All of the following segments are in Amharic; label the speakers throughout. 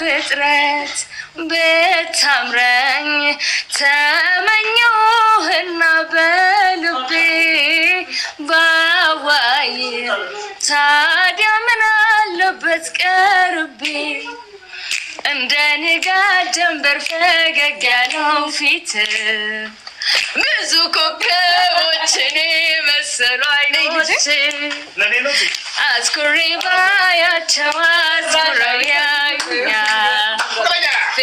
Speaker 1: ፍጥረት ብታምረኝ ተመኘሁህና በልቤ ባዋይ ታዲያ ምን አለበት ቀርቤ እንደ ንጋ ደንበር ፈገግ ያለው ፊት ብዙ ኮከቦችን መሰሉ አይኖች አትኩሬ ባያቸው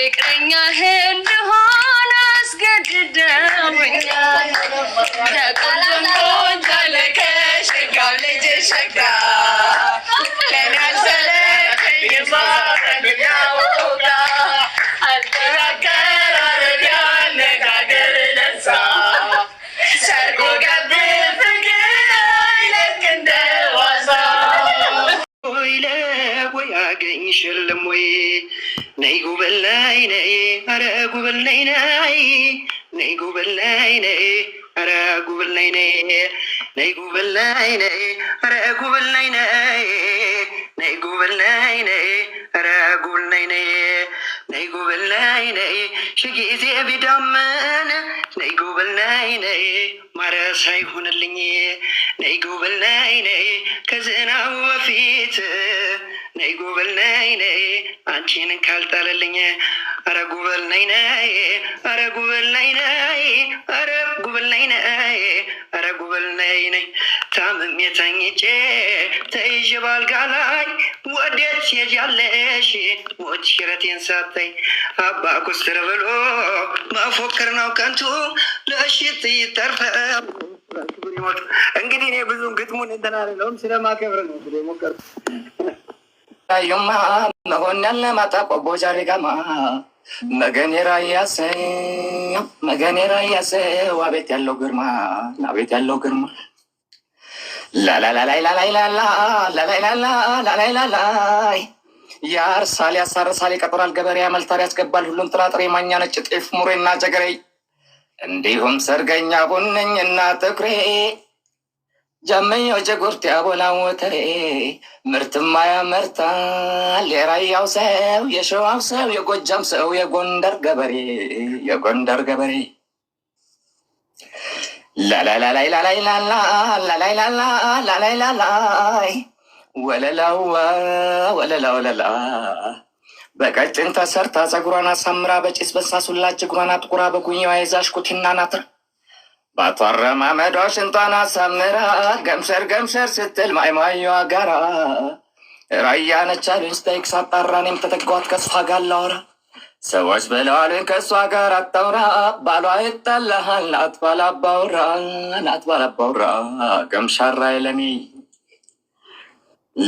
Speaker 1: ፍቅረኛህ እንድሆን አስገድደውኛል። ተቆንጆ ተለከ ሸጋው ልጅ ሸጋ
Speaker 2: ያለኝሽ የለም ወይ? ነይ ጉበል ላይ ነይ፣ አረ ጉበል ላይ ነይ፣ ነይ ጉበል ላይ ነይ፣ አረ ጉበል ላይ ነይ፣ ነይ ጉበል ላይ ነይ፣ አረ ጉበል ላይ ነይ፣ ነይ ጉበል ላይ ነይ፣ አረ ጉበል ላይ ነይ፣ ነይ ጉበል ላይ ነይ፣ ሽጊዜ ቢዳመን ነይ ጉበል ላይ ነይ፣ ማረስ አይሆንልኝ ነይ ጉበል ላይ ነይ ከዝናቡ በፊት ነይ ጉበል ነይ ነይ አንቺን ካልጣለልኝ አረ ጉበል ነይ ነይ አረ ጉበል ነይ ነይ አረ ጉበል ነይ ነይ አረ ጉበል ነይ ነይ ታምሜ ተኝቼ ተይዤ ባልጋ ላይ ወዴት ትሄጃለሽ ሞት ሽረቴን ሳታይ አባ ኩስትር ብሎ መፎክር ነው ከንቱ ለሽት ይጠርፈው
Speaker 3: እንግዲህ እኔ ብዙ ግጥሙን እንትን አልለውም ስለማከብር ነው ሞከር
Speaker 2: ራዩማ መሆን ያለማጣ ቆቦ ጃሪጋማ መገኔ ራያሰው መገኔ ራያሰው አቤት ያለው ግርማ አቤት ያለው ግርማ ላላላላይ ላላይ ላላ ላላይ ላላ ላላይ ላላይ ያርሳል ያሳርሳል ይቀጥራል ገበሬ ያመልታል ያስገባል ሁሉም ጥራጥሬ ማኛ ነጭ ጤፍ ሙሬና ጀገሬ እንዲሁም ሰርገኛ ቡነኝና ትኩሬ ጃመኛው ጀጎርት ያቦላ ሞተ ምርትማ ያመርታል የራያው ሰው የሸዋው ሰው የጎጃም ሰው የጎንደር ገበሬ የጎንደር ገበሬ ላላላላይ ላላይ ላላ ላላይ ላላ ላላይ ላላይ ወለላዋ ወለላ ወለላ በቀጭን ተሰርታ ፀጉሯን አሳምራ በጭስ በሳሱላ ጅግሯን አጥቁራ በጉኛዋ የዛሽ ኩቲና ናትር ባቶ አረማመዷ ሽንጣን አሳምራ ገምሸር ገምሸር ስትል ማይማዩዋ አገራ ራያ ነች አሉኝ ስጠይቅ ሳጣራ እኔም ተጠጓት ከሷ ጋር ላውራ ሰዎች ብለዋሉኝ ከእሷ ጋር አታውራ ባሏ ይጠላሃል ናትባል አባውራ ናትባል አባውራ ገምሻራ የለሚ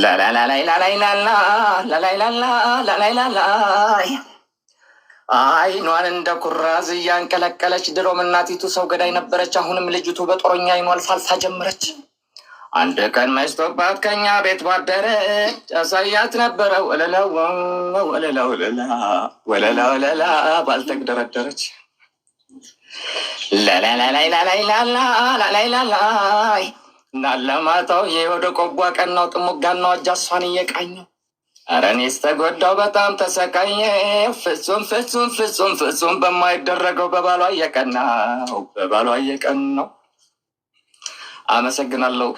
Speaker 2: ላላላላይ ላላይ ላላ ላላይ ላላ ላላይ ላላይ አይኗን እንደ ኩራዝ እያንቀለቀለች ድሮም እናቲቱ ሰው ገዳይ ነበረች። አሁንም ልጅቱ በጦረኛ አይኗን ሳልሳ ጀመረች። አንድ ቀን መሽቶባት ከኛ ቤት ባደረ ጨሳያት ነበረ ወለላ ወለላ ወለላ ወለላ ባልተግ ደረደረች ላላላላላላላላላይ ቆቧ ጥሙጋናው እጃሷን እየቃኘው አረኒ እኔስ ተጎዳው በጣም ተሰቃየ። ፍጹም ፍጹም ፍጹም ፍጹም በማይደረገው በባሏ እየቀናው በባሏ እየቀናው። አመሰግናለሁ።